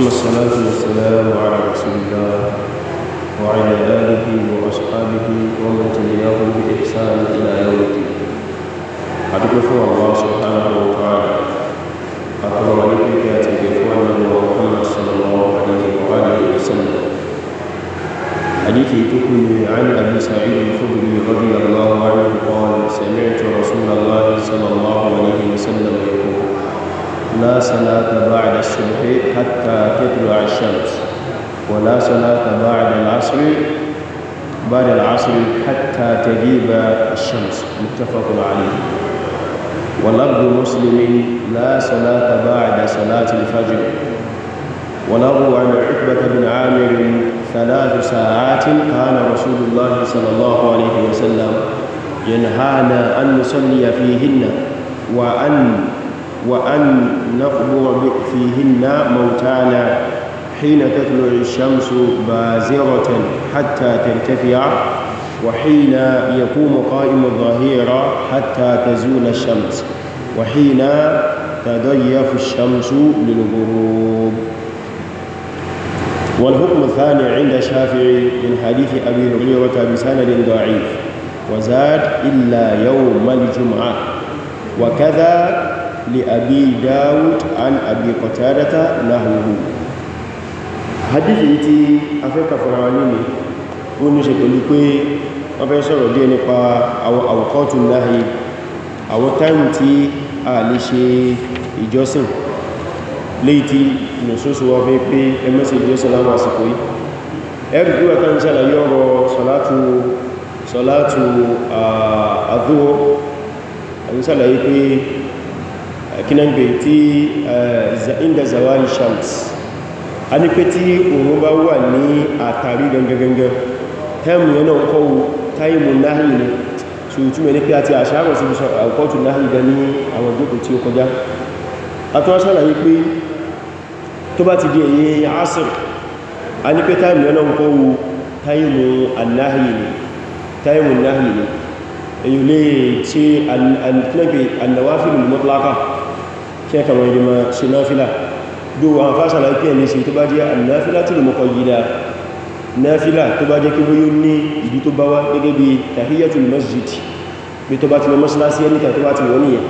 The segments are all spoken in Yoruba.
ثم الصلاة والسلام على رسول الله وعلى آله وأصحابه ومن تبعهم بإحسان إلى يوم الدين أدعو الله سبحانه وتعالى أقرب لك ياتي بإخواننا ومحمد صلى الله عليه وآله وسلم حديث تكون عن أبي سعيد الخدري رضي الله عنه قال سمعت رسول الله صلى الله عليه وسلم يقول لا صلاة بعد الصبح حتى تطلع الشمس ولا صلاة بعد العصر بعد العصر حتى تجيب الشمس متفق عليه ولفظ مسلم لا صلاة بعد صلاة الفجر وله عن عقبة بن عامر ثلاث ساعات كان رسول الله صلى الله عليه وسلم ينهانا أن نصلي فيهن وأن وأن نقبر فيهن موتانا حين تطلع الشمس بازرة حتى ترتفع وحين يقوم قائم الظهيرة حتى تزول الشمس وحين تضيف الشمس للغروب والحكم الثاني عند الشافعي من حديث أبي هريرة بسند ضعيف وزاد إلا يوم الجمعة وكذا لأبي داود عن أبي قتادة نحوه حديث يتي أفكا فرعانيني ونو شكلي كوي وفي سورة دي نقا أو أوقات النهي أو تانتي àlèṣe ìjọsìn léyìí tí nùsùsù wọ́n fi pé ẹmẹ́sì ìjọsìn láwọn àsìkò yìí ẹ̀rù bí wọ́n ṣàlàyé ọ̀rọ̀ sọ̀látù sọ̀látù àdúwọ́ àmì pé kínáǹgbé tí eh, inda zawari shams a ní pé tí òun bá wà ní àtàrí gẹngẹgẹngẹ tẹ́mù yẹn náà kọ́wù táìmù náà ní ṣùgbùn ẹni pé àti àṣàrọ̀ sí àkọ́tù náà gẹ ní àwọn gbogbo tí ó kọjá atọ́ ṣàlàyé pé tó bá ti di èyí asir a ní pé kí ẹ kàwọn ìdí ma ṣe náfílà bí wọ́n fásàlá pẹ́ ní sí tó bá jẹ́ náfílà tí lè mọ́kọ̀ yídá náfílà tó bá jẹ́ kí masjid bí tó bá ti lọ mọ́sálásí ẹnìta tó bá ti wọ́n nìyẹn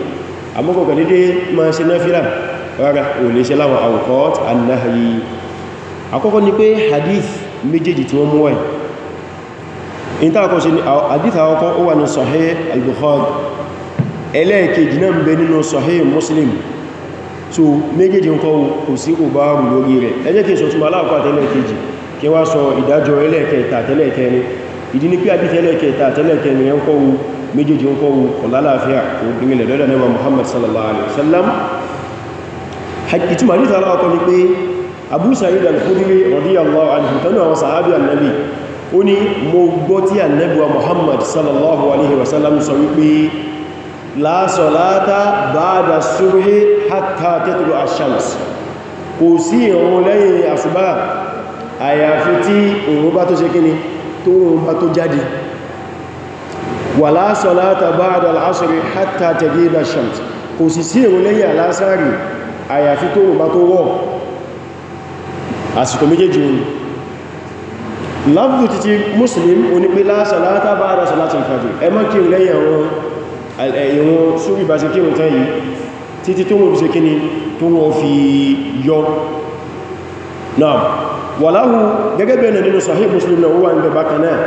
àmọ́kọ̀ kà dédé ma ṣe náfílà rárá ò lè ṣe láwọn awqat an-nahyi àkọ́kọ́ ni pé hadith méjèèjì tí wọ́n mú wáyìí in ta kọ́ṣe ni hadith àkọ́kọ́ ó wà ní sahih al-bukhari ẹlẹ́ẹ̀kejì náà ń bẹ nínú sahih muslim so méjèèjì nǹkan kò sí kò bá rù lórí rẹ̀ ẹjẹ́ kí sọ̀tún aláàkọ́ àtẹ́lẹ̀kejì kí wá sọ ìdájọ́ ẹlẹ́ẹ̀kẹta àtẹ́lẹ̀kẹrin o ni pé àdífẹ́ ẹlẹ́ẹ̀kẹta àtẹ́lẹ̀kẹrin ẹ̀ ń kọ́ méjèèjì ń kọ́ ọ̀lálàáfíà ògbìnlẹ̀ lọ́dọ̀ nẹ́wà Muhammad sallallahu alaihi wasallam ìtumọ̀ àdífẹ́ aláàkọ́ ni pé Abu Sa'id al-Khudri radiyallahu anhu tanu àwọn sahabi annabi ó ní mo gbọ́ tí annabi wa Muhammad sallallahu alaihi wasallam sọ wípé la salata ba'da subhi hatta tatlu ash-shams kò sí ìrun lẹ́yìn àṣùbá àyàfi tí òun bá tó ṣe kíni tó òun bá tó jáde wala salata ba'da al-asri hatta taghiba ash-shams kò sì sí ìrun lẹ́yìn alásàrì àyàfi tó òun bá tó wọ̀ àsìkò méjèèjì lafdu titi muslim onípe la salata ba'da salati al-fajr ẹ lẹ́yìn àwọn ìwọ̀n súrí bá ṣe kírùn tán yìí títí tó wọ́n fi ṣe kí ni tó wọ́n fi yọ náà wàláhù gẹ́gẹ́ bẹ̀rẹ̀ nínú sahih muslim náà wà ní bẹ̀bá kanáà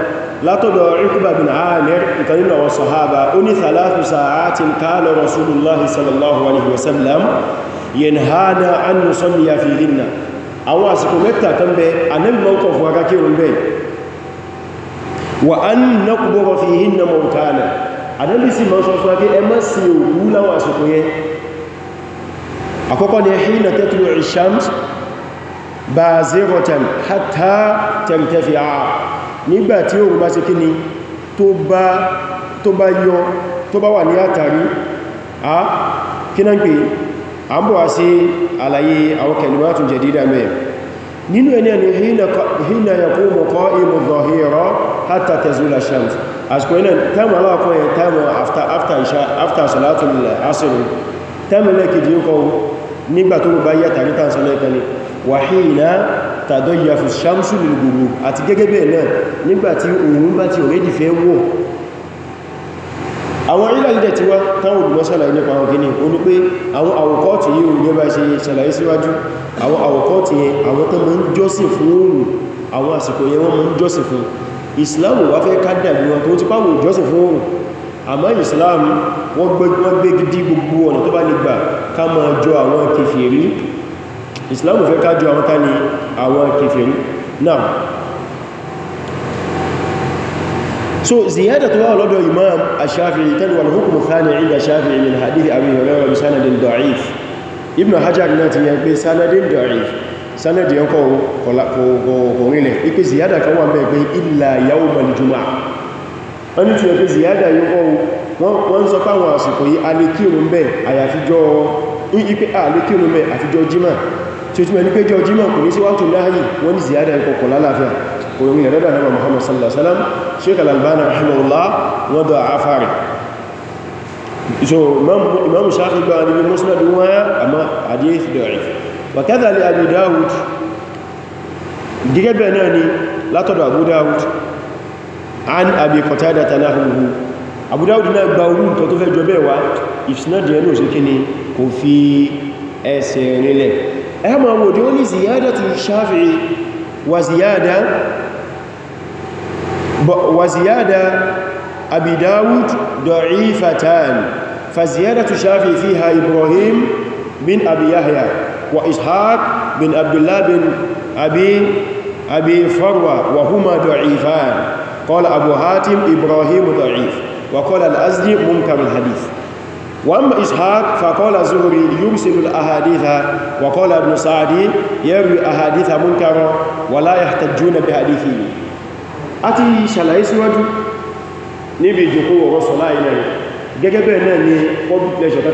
látọ̀dọ̀ Uqba bin Amir ìkanínú àwọn sahaba ó ní thalathu sa'atin kana rasulullahi sallallahu alaihi wasallam yanhana an nusalliya fihinna àwọn àsìkò wa an naqbura fihinna mawtana àdẹ́lìsì ma sọ fún ẹ má sin òkú láwọn àsìkò yẹn àkọ́kọ́ ni hina tatlu ash-shams bazigatan hatta tartafi'a nígbàtí òun bá ṣe kí ni tó bá yọ tó bá wà ní àtàrí a kí náà pé a ń wá sí àlàyé àwọn kalimatun jadida mẹ́ nínú ẹni ẹni hina yaqumu qa'imu dhahira hatta tazula shams àsìkò iná táìmù aláwọ̀kọ́ yẹn táìmù after isha after salatul asr táìmù lẹ́kìdí ó kọ́ nígbà tó bá yá tàrí tàà sọ́lẹ̀ kan ní wàhíìná tàdọ́yàfù shamsu lil ghurub àti gẹ́gẹ́ bẹ́ẹ̀ náà nígbàtí òun bá ti ọ̀rẹ́dì fẹ́ wọ̀ àwọn ilẹ̀ tí wá táwọn olùgbọ́ sàlàyé nípa àwọn gini o ní pé àwọn àwòkọ́ọ̀tì yìí o gẹ́bà ṣe sàlàyé síwájú àwọn àwòkọ́ọ̀tì yẹn àwọn tó mọ́ ń jọ́sìn fún oòrùn àwọn àsìkò yẹn wọ́n mọ́ ń jọ́sìn islam wá fẹ́ kádà bí wọn tó ti pàwọ̀ ìjọsìn fún oòrùn àmọ́ islam wọ́n gbé gidi gbogbo ọ̀nà tó bá lè gbà ká máa jọ àwọn kèfèrí islam fẹ́ ká jọ àwọn tání àwọn kèfèrí náà so ziyada tó wà lọ́dọ̀ imam ash-shafi'i tan wal hukmu thani 'inda shafi'i min hadith abi hurairah bi sanadin da'if ibn hajar náà ti yẹn pé sanadin da'if sanadi ẹ̀kọ́ kòrìnlẹ̀ ipé ziyada kan wà mẹ́gbẹ́ illa yawmal jumu'ah wọ́n ni túnlẹ̀ pé ziyada yíkọ́ wọ́n sọ páwọn àsìkò yí alékírùn bẹ́ àyàfíjọ́ ipé alékírùn bẹ́ àfíjọ́ jímà tí ó túnmẹ̀ ní pé jọ jímà kò ní sí wájú láàyè wọ́n ni ziyada ẹ̀kọ́ kò lálàáfíà òyìnbó rẹ̀dà náà Muhammad sallallahu alaihi wasallam Sheikh al-Albani rahimahullah wọ́n dọ̀ àfáàrí so imam shafi gba ni musnad wa amma hadith da'if wàkẹ́dà lè Abu Dawud gẹ́gẹ́ bẹ̀ẹ̀ náà ni látọ̀dọ̀ Abu Dawud an Abi Qatada tanahuhu Abu Dawud náà gba orú nǹkan tó fẹ́ jọ bẹ́ẹ̀ wá ìsinádìí ẹnu òṣèké ni kò fi ẹsẹ̀ Ibrahim bin Abi Yahya وإسحاق بن عبد الله بن أبي أبي فروة وهما ضعيفان قال أبو حاتم إبراهيم ضعيف وقال الأزدي منكر الحديث وأما إسحاق فقال زهري يرسل الأحاديث وقال ابن سعدي يروي أحاديث منكرة ولا يحتجون بحديثه أتي شلائس وجو نبي ìjòkó رسول الله إليه gẹ́gẹ́ bẹ́ẹ̀ náà ni public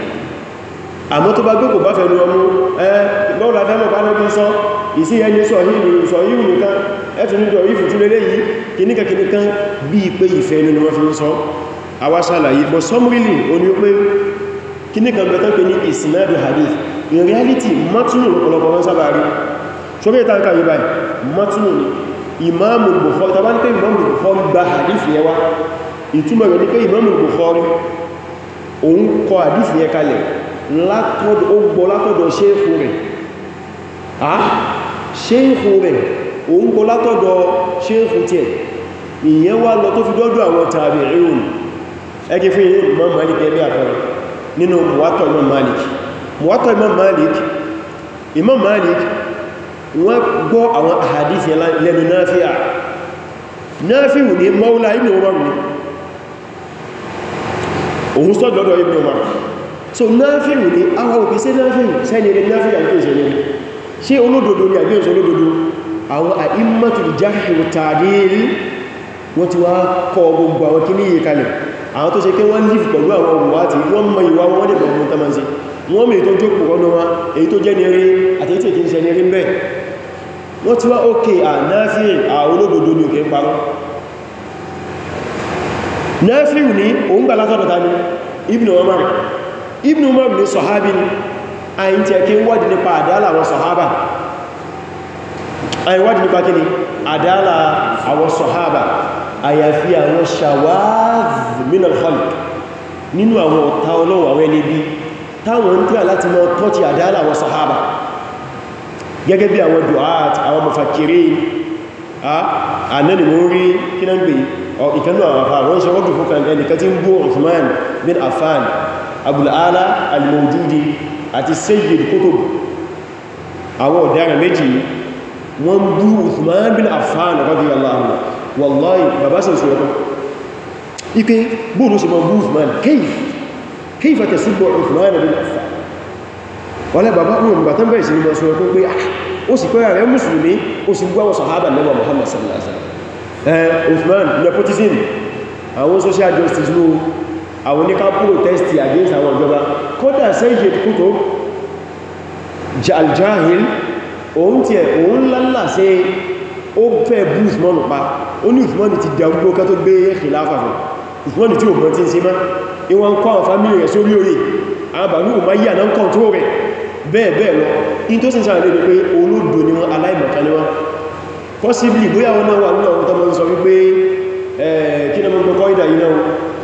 àmọ́ tó bá gbé kò bá fẹ́ ní ọmú ẹ lọ́la fẹ́ mọ̀ bá lọ́gbọ́n sọ ìsí ẹni sọ yìí nìkan ẹ̀tù ní ọ̀rí ìfìtúlélẹ́ yìí kìníkàkìní kan bí i pé ìfẹ́ nínú wọ́n fi ń sọ awásàlàyé but summarily o ní pé kìníkàn bẹ̀tọ́ pé ní ìsìnàdù hadith in reality matinu ọ̀pọ̀lọpọ̀ wọn sábà rí ṣọ́bẹ̀ ìta nǹkan yíba matinu ni imamu Bukhari tàbá ní pé imamu Bukhari gba hadith yẹn wá ìtumọ̀ rẹ̀ ní pé imamu Bukhari òun kọ hadith yẹn kalẹ̀ látọ̀dọ̀ ó gbọ́ látọ̀dọ̀ ṣéèkù rẹ̀ á ṣéèkù rẹ̀ ó ń gbọ́ látọ̀dọ̀ ṣéèkù tiẹ̀ ìyẹn wá lọ tó fi dọ́dọ̀ àwọn tàbí ríhùn ẹgbẹ́ fún ìyẹn Imam Malik ẹgbẹ́ àpẹẹrẹ nínú Muwatta Imam Malik Imam Malik Imam Malik wọ́n gbọ́ àwọn àhàdìsì lẹ́nu Nafi'a Nafi'u ní Mawla Ibn Umar ni òun sọ́dọ̀dọ̀ Ibn Umar so náfíù ní àwọn òkè sí náfíù sẹ́ni ilé náfíù àti ìṣẹ̀lẹ̀ ṣe olódodo ni àbí ìṣẹ̀lẹ̀ olódodo àwọn àìmọ́tù ìjáhì tààdìrí wọ́n ti wá kọ gbogbo àwọn kí ní iye kalẹ̀ àwọn tó ṣe kí wọ́n lè pẹ̀lú àwọn òwúwátí wọ́n mọ ìwà wọn dẹ̀ bọ̀gbọ̀n tó máa ṣe wọ́n mẹ́ tó jókòó ọ̀nà wọn èyí tó jẹ́ nire àti èyí tí ìṣẹ́ nire bẹ́ẹ̀ wọ́n ti wá ókè à náfíì à olódodo ni òkè ń parọ́ náfíì ní òun gbà látọ̀dọ̀ta ni Ibn Umar ibn umar ní sọ̀hábí ni àyín tí ẹkí wọ́dì nípa àdálà àwọn sọ̀hábà àyín wọ́dì nípa kí ni àdálà àwọn sọ̀hábà àyàfi àwọn shawaz min al-khalq nínú àwọn ọ̀tá ọlọ́wọ̀ àwọn ẹlẹ́bí táwọn ń tíra láti mọ́ tọ́tí àdálà àwọn sọ̀hábà gẹ́gẹ́ bí àwọn duat àwọn mafakiri ànẹ́lì mú rí kí náà ń gbé ìkanú àwọn afá wọ́n ṣe rọ́dù fún kan ẹnìkan tí ń bú Uthman bin Affan Abul Ala al-Mawdudi àti Sayyid Qutb àwọn ọ̀daràn méjì wọ́n bú Uthman bin Affan radiyallahu anhu wallahi bàbá sí ìṣòro kan ipé bóòrò sí mọ̀ bú Uthman kayf kayfa tasubbu Uthman bin Affan wọ́n lẹ́ bàbá òun bàtán bẹ̀rẹ̀ sí mọ̀ sọ́rọ̀ pé ah, ó sì pẹ́rẹ̀ rẹ̀ mùsùlùmí ó sì gbáwọ̀ sàhábà náà Muhammad sallallahu alaihi nepotism àwọn social justice lóò àwọn oníká protesti against àwọn ìjọba kódà sẹ́yìn ìkútó aljahil òun tí ẹ̀ òun lálà sí ó fẹ́ bú ìsmọ́nù pa ó ní ìsmọ́nù ti dàrúgbó ká tó gbé khilafa fún ìsmọ́nù tí òun ti ń ṣe má ìwọ̀n kọ́ àwọn fámílì rẹ̀ sórí orí àbàmí ò má yà náà kọ̀ntó rẹ̀ bẹ́ẹ̀ bẹ́ẹ̀ lọ in tó sin sáàrẹ̀ pé olóòdò ni wọ́n aláìmọ̀kaníwá possibly bóyá wọn náà wà nínú àwọn tọmọ ń sọ wípé eh,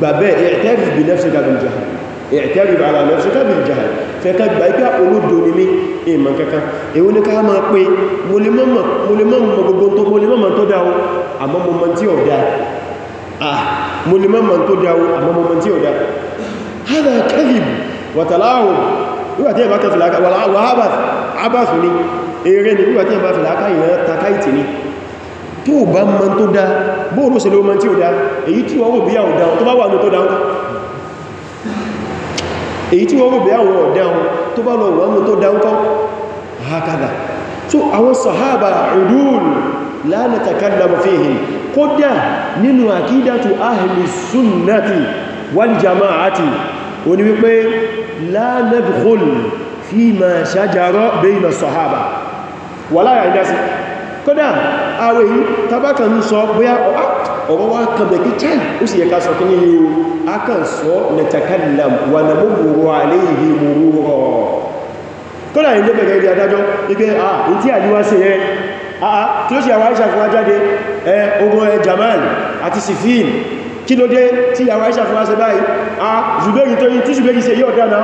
gbàbẹ́ i'tarif bi nafsika bil jahl i'tarif ala nafsika bil jahl fẹ́ká gbà ipá olódo ni mí ìmọ̀ kankan èwo ní ká máa pé mo lè mọ́mọ̀ gbogbo tó mo lè mọ́mọ̀ tó dá o àmọ́ mo mọ́ tí ọ̀dá ah mo lè mọ́mọ̀ tó dá o àmọ́ mo mọ́ tí ọ̀dá hádà kadhib wàtàláhùn wíwàtí ẹ̀bá kẹfìlá tó bá mọ́ tó dá bóòrò sí lóòmọ́ tí ó dá èyí tí wọ́n rò bí àwọn ọ̀dá tó bá wà ní tó dáun èyí tí wọ́n rò bí àwọn ọ̀dá tó bá lọ wà ní tó dáun kọ́ hakada so àwọn sahaba udul la natakallamu fihi kódà nínú ahli sunnati wal jama'ati oní wípé fi ma shajara sahaba wala ya kódà àwẹ̀ yìí tàbákan ń sọ bóyá ah, ọ̀rọ̀ wá kàbẹ̀ kí chai ó sì yẹ ká sọ kí ní yíò a kàn sọ nẹ̀tàkàlàm wà nà mú mọ̀rọ̀ àléyìí mọ̀rọ̀ kódà yìí ló bẹ̀rẹ̀ adájọ́ ipé à ní tí àdíwá sí rẹ̀ àà tí ó sì àwọn àìṣà fún ajáde ẹ ogun ẹ Jamal àti sifin kí ló dé tí àwọn àìṣà fún aṣẹ báyìí à ah, zùgbẹ́rì tó yìí tí zùgbẹ́rì se yóò dá náà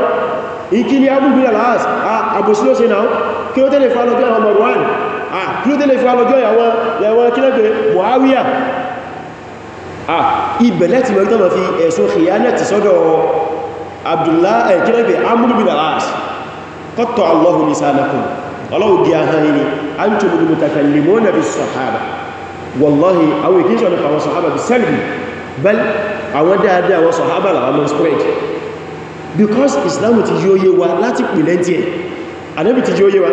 ah kí ló délé fi alọ́jọ́ ìyàwó kílẹ̀pẹ̀ Muawiya ah ibẹ̀ lẹ́tì mẹ́rin tọ́mọ̀ fi ẹ̀sùn khiyanati sọ́dọ̀ Abdullah eh, kílẹ̀pẹ̀ Amr bin al-As qatta Allahu lisanakum ọlọ́wọ́ di ahánì ti yóò wa láti pìlẹ̀ díẹ̀ Ànábì ti yóò wa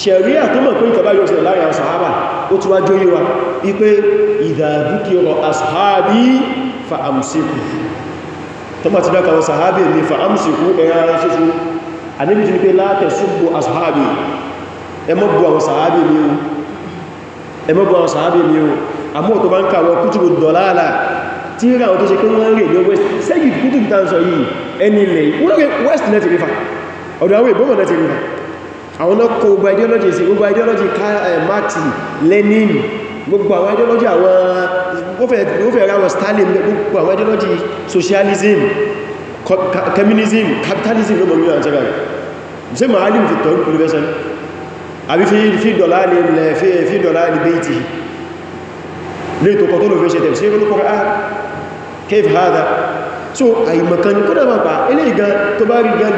ṣẹ̀ríà tó mọ̀ pé ìkàbá yóò ṣẹlẹ̀ láàrin àwọn sàhábà ó ti wá jóyé wa wípé ìdàdúkìrọ̀ ashábí fa'amsikú tó mọ̀ ti dáka wọn sàhábì ní fa'amsikú ẹ̀yà ara ṣíṣú a níbi jí pé látẹ̀ súnbò ashábì ẹmọ́bù àwọn sàhábì ní o àmọ́ tó bá ń kàwọ kútùbù dọ̀láàlà tí ra ọ̀ tó ṣe pé wọ́n rè ní west sẹ́yìn kútùbù tàǹsọ̀ yìí ẹni net river ọ̀dọ̀ àwọn ọkọ̀ gbogbo ideology sí gbogbo ideology eh, Marx Lenin gbogbo àwọn ideology àwọn ófẹ́ ra wọn Stalin gbogbo àwọn ideology socialism communism capitalism ló mọ̀lú àti rẹ̀ ṣe ma alim fi tọ́rù pùlùfẹ́sẹ̀n àbí fi dọ̀lá ilẹ̀ fi dọ̀lá ilẹ̀ bẹ́ẹ̀tì lè tó kọ̀tọ́ lọ fẹ́ ṣe ah, so àìmọ̀kan ní kó dábàpá ilé ìgan tó bá gan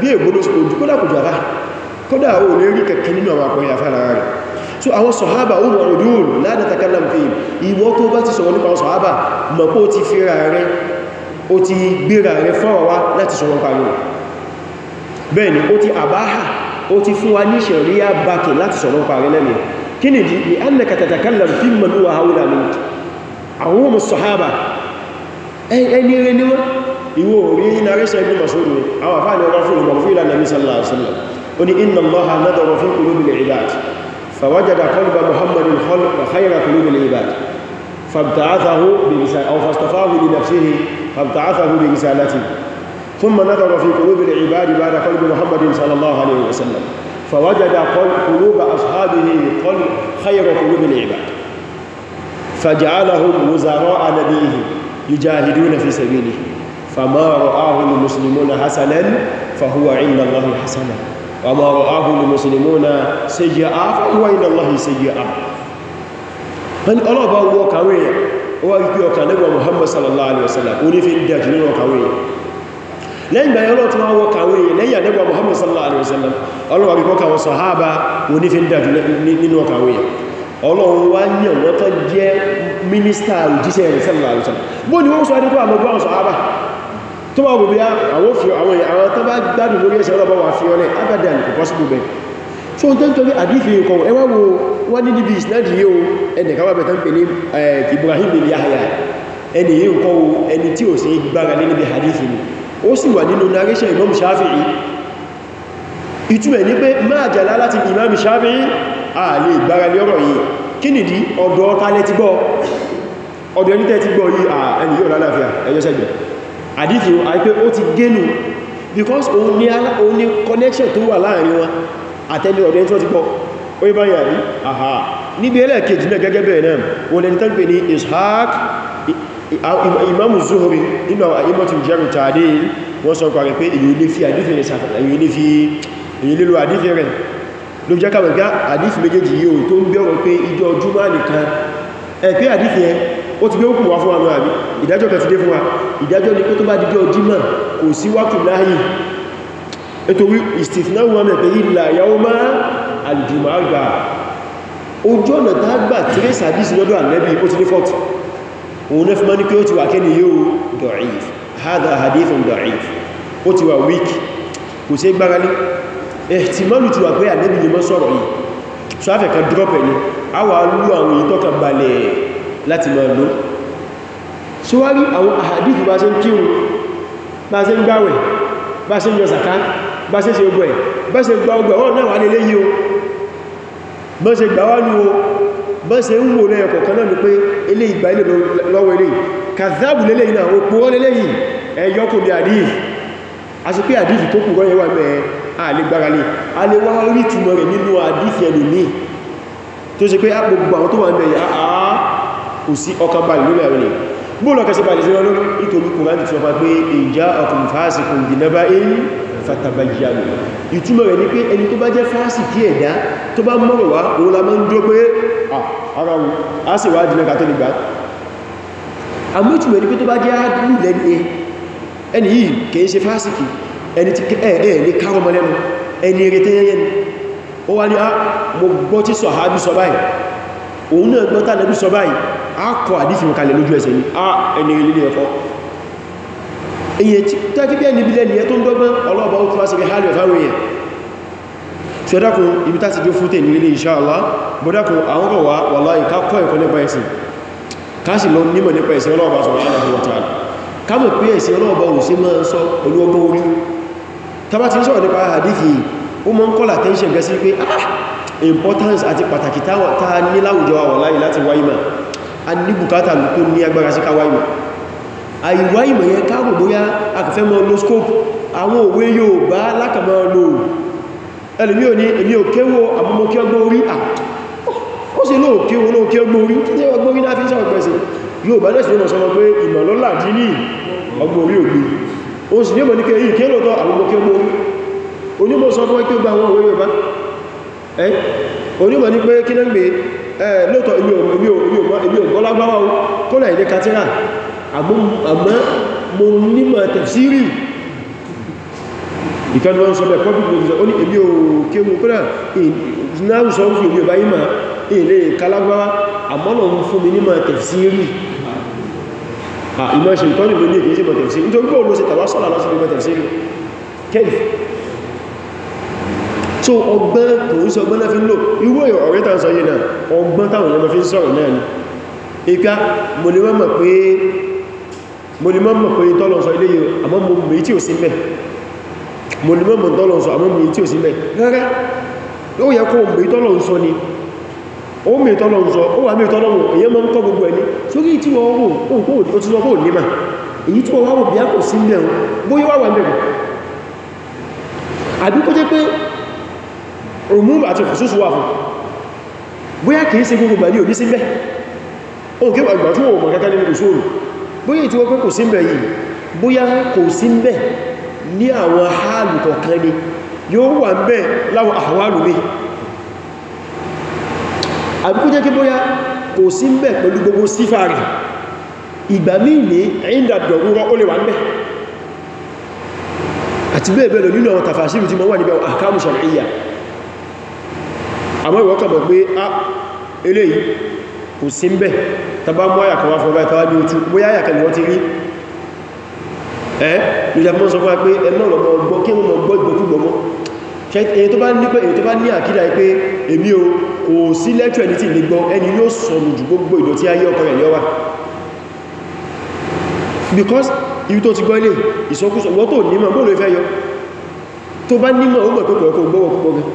bí ègbódó spòdù kódà kò jàrá kódà ó lè rí kẹ̀kẹ́ nínú àwọn akọrin àfà rẹ̀ so àwọn sọ̀hábà ó lọ òdúrùn ládàtàkálà fi ìwọ tó bá ti sọ̀rọ̀ nípa àwọn sọ̀hábà mọ̀ pé ó ti fira rẹ̀ ó ti gbéra rẹ̀ fọ́rọ̀ wá láti ni ó ti àbáhà ó ti fún wa ní ṣẹ̀ríyà bákì láti sọ̀rọ̀ parí lẹ́nu ni di annaka tatakallam fi man huwa hawla minka àwọn sọ̀hábà ẹni rẹ̀ ni wọ́n ìwọ orí narration ibn Mas'ud ni àwọn afáàni ọmọ fún ìmọ̀ fún ìlànà ní sallallahu alaihi wasallam ó ní inna Allaha nadara fi qulubil ibad fawajada qalba Muhammadin khayra qulubil ibad فابتعثه برسالته أو فاصطفاه لنفسه فابتعثه برسالته ثم نظر في قلوب العباد بعد قلب محمد صلى الله عليه وسلم فوجد قلوب أصحابه قلب خير قلوب العباد فجعلهم وزراء نبيه يجاهدون في سبيله فما رآه المسلمون حسنا فهو عند الله حسنا وما رآه المسلمون سيئا فهو عند الله سيئا من الله بأوه كوية ويكي وكانبه محمد صلى الله عليه وسلم ونفي الدجنين وكوية lẹ́yìn ìgbà yọ́lọ́ tí wọ́n wọ́ kàwé lẹ́yìn àdẹ́gbà Muhammad sallallahu alaihi wasallam ọlọ́wà bí kọ́kà wọ́n sọ̀hábà wọ́n ní fi ń dájú nínú kàwé ọlọ́run wá ní ọ̀nà tó jẹ́ mínísítà òjíṣẹ́ rẹ̀ sallallahu alaihi wasallam tó bá wù bí àwọn fi àwọn àwọn tó bá gbádùn lórí ẹsẹ̀ ọlọ́bọ̀ wà fi ọlẹ̀ abẹ́dà ní pọ̀sílù bẹ̀ so n tó ń torí àdífì nǹkan ẹwà wo wọ́n ní níbi ìsìnàjì yíò ẹnìkan wà bẹ̀tẹ̀ ń pè ní Ibrahim bin Yahya ẹni yíò kọ́ ni ó sì wà nínú narration Imam Shafi'i ìtumẹ̀ ní pé máa jàlá láti Imam Shafi'i a lè gbára lé ọ̀rọ̀ yìí kí nìdí ọ̀dọ̀ ọ̀tálẹ́ ti gbọ́ ọ̀dọ̀ ẹni tẹ́ ti gbọ́ yìí à ẹni yóò lálàáfíà ẹjọ́ sẹ́gbẹ̀ẹ́ àdífì àìpé ó ti gẹ́nu because òun ní connection tó wà láàrin wọn àtẹni ọ̀dẹ́ tí wọ́n ti pọ̀ ó yíba yà rí àhà níbi ẹlẹ́ẹ̀kejì náà gẹ́gẹ́ bẹ̀rẹ̀ náà wọ́n lẹ́ni tán pè ní ishaq imamu zuhuri nínú àwọn imọ̀tún jẹ́rù tàdé wọ́n sọ pàrẹ pé èyí lè fi àdífì rẹ̀ ló jẹ́ káwẹ̀ gá àdífì méjèèjì yóò tó ń bẹ̀rọ pé ìjọ júmọ́ nìkan ẹ̀ pé àdífì ẹ ó ti gbé òkú wá fún àmì àbí ìdájọ́ kan ti dé fún wa ìdájọ́ ni pé tó bá dìjọ́ jímọ̀ kò sí wákù láàyè nítorí ìstìfìnà wọn mẹ́pẹ̀ ìlà yàwó máa alìjùmọ̀ àgbà ojú ọ̀nà tágbà tíré sàdísì lọ́dọ̀ ànẹ́bí ó ti ní fọ́tì òun náà fi máa ní pé ó ti wà kẹ́ni yóò da'if hadha hadithun da'if ó ti wà weak kò sí gbára ní ẹ̀tìmọ́lù ti wà pé ànẹ́bí ni mọ́ sọ̀rọ̀ yìí so afẹ́ kan drop ẹ̀ ni a wà lú àwọn èyí tọ́ka balẹ̀ láti máa lóò síwárí àwọn àhàdìtì bá ṣe ń kírun bá ṣe ń gbáwẹ̀ bá ṣe ń yọ sàká bá ṣe ṣe ogbọ̀ ẹ̀ bá ṣe gbá ogbọ̀ ọ̀nà wà lè léyìí o bá ṣe gbà wá ní o bá ṣe ń wò lẹ́yìn kọ̀ọ̀kan náà ní pé ilé ìgbà ilé lọ́wọ́ ilé kàzáàbù lélẹ́yìn náà ó pòó lélẹ́yìn ẹ̀yọ́ kò bí àdíf àti pé àdíf tó kù rọ́yẹ̀ wà ṣe pé àpò gbogbo àwọn tó wà mẹ́yà àá kò sí ọkàn balẹ̀ lórí bóòlọ̀ kẹsẹ̀ bá lè ṣe ọlọ́rọ̀ nítorí kùránì tí ó bá pé ìjá ọkùn fásikùn dìnàbá èyí fatabayyanu ìtumọ̀ rẹ̀ ní pé ẹni tó bá jẹ́ fásikì ẹ̀dá tó bá mọ́rọ̀ wá òun la máa ń dúró pé ah, ara wù á sì wá dìnà kàtó nígbà àmú ìtumọ̀ ní pé tó bá jẹ́ ádùn òun náà gbọ́ta nẹ́bí sọ báyìí a kọ àdífì mú kalẹ̀ lójú ẹsẹ̀ ní a ẹni ilé ẹ̀kọ́ èyẹ tẹ́kí bí ẹni bílẹ̀ nìyẹ tó ń dọ́gbọ́n ọlọ́ọ̀bá ó tún wá sí hálẹ̀ fáwọn èèyàn ṣẹ́dàkùn ibi tàti Allah bọ́dàkùn àwọn ọ̀wà wallahi ká kọ́ ẹ̀kọ́ nípa ẹ̀sìn ká sì lọ nímọ̀ nípa ẹ̀sìn ọlọ́ọ̀bá subhanahu wa ta'ala ká mọ̀ pé ẹ̀sìn ọlọ́ọ̀bá ò sí máa ń sọ pẹ̀lú ọgbọ́n orí tàbá ti ń sọ̀rọ̀ nípa hadithi importance àti pàtàkì tá ní láwùjọ àwọn láyé láti wáyìmọ̀ a ní bùkátà tó ní agbára sí ká wáyìmọ̀ àìwáyìmọ̀ yẹn káàkù bóyá àkàfẹ́ mọ́ lo scope àwọn òwe yóò bá lákàmọ́ lò ẹlùmí ò ní èmi ò kéwò àbúmọ́kí ọgbọ́ orí ó sì lóò kéwò lóò kí ọgbọ́ orí kí ní ọgbọ́ orí náà fi sọ ọgbẹ̀sẹ̀ yóò bá lẹ́sìn lọ́nà sọmọ pé ìmọ̀lọ́lá dí ní ọgbọ́ orí ògbé ó sì ní ọmọ ní kẹ́ onímọ̀ sọ fún ẹgbẹ́ àwọn òwe Yorùbá ẹ́ eh? onímọ̀ ní pé kí náà gbé eh, lóòtọ́ ibi ògbọ́lágbáwá kó náà ìdí katira àmọ́ mo nímọ̀ tafsiri ìkanu wọn sọ bẹ̀ public religion ó ní èmi ò kéwù kúrò náà sọ fún èmi ò bá yí ma ilé kalágbáwá àmọ́nà ń fún mi nímọ̀ tafsiri ìmọ̀ ṣe ìtọ́nì lórí èkèsí mọ̀ tafsiri nítorí pé so ọgbọ́n kò ń sọ ọgbọ́n náà fi ń lò irú ọ̀rẹ́ tàn sọ yìí náà ọgbọ́n táwọn èèyàn fi ń sọ̀rọ̀ náà ni ìká mo lè mọ̀ pé mo lè mọ̀ pé tọ́lọ̀ sọ ilé yìí àmọ́ mo mèé tí ò sí mẹ́ mo lè mọ̀ tọ́lọ̀ sọ àmọ́ mèé tí ò sí mẹ́ rárá ó yẹ kó mèé tọ́lọ̀ sọ ni ó mèé tọ́lọ̀ sọ ó wà mèé tọ́lọ̀ èyẹ mọ́ ń kọ́ gbogbo ẹni sórí tí wọ́n rò ó ti sọ kó ní mà èyí tí wọ́n wá wò bí á kò sí mẹ́rún bóyá wà wà mẹ́rún àbí kó jẹ́ pé òmúm àti òfòsúsù wà fún bóyá kìí sí gbogbo gbà ní òdí símbẹ̀ o kí ọgbà tí wọ́n mọ̀ kẹta nínú ìṣòro bóyá ìtí wọ́n pẹ́ kò símbẹ̀ yìí bóyá kò símbẹ̀ ní àwọn hálù kọ̀kan ni yóò wà ń bẹ̀ láwọn àwárù mi àbíkú jẹ́ kí bóyá kò símbẹ̀ pẹ̀lú gbogbo sífà rẹ̀ ìgbà míì ní ẹ̀yìndàdọ̀rúrọ́ ó lè wà ń bẹ̀ àti bẹ́ẹ̀ bẹ́ẹ̀ lọ nínú àwọn tàfàṣírù tí mọ́ wà níbẹ̀ àkámù ṣàríyà àmọ́ ìwọ kàn mọ̀ pé ah eléyìí kò sí ń bẹ̀ tàbá mú àyà kan wá fún ọba ìkàwà ní ojú bóyá àyà kan wọ́n ti rí ẹ́ ìjàmọ́ sọ fún wa pé ẹ̀nà ọ̀rọ̀ ọgbọ́ kí wọ́n gbọ́ ìgbòkúgbọ́mọ́ èyí tó bá ní pé èyí tó bá ní àkídà pé èmi o kò sí lẹ́tọ̀ ẹni tí ìlẹ́gbọ́ ẹni yóò sọnù jù gbogbo ìdọ̀tí ayé ọkọ̀ rẹ̀ yọ́wà because ibi tó ti gbọ́ ilé ìsọkúsọ wọ́n tó nímọ̀ bóòlù ìfẹ́ yọ tó bá nímọ̀ ó mọ̀ pé kọ̀ọ̀kọ̀ gbọ́wọ̀ púpọ̀ gan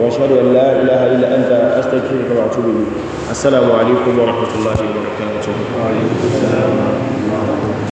وأشهد أن لا إله إلا أنت أستغفرك وأتوب إليك السلام عليكم ورحمة الله وبركاته وعليكم السلام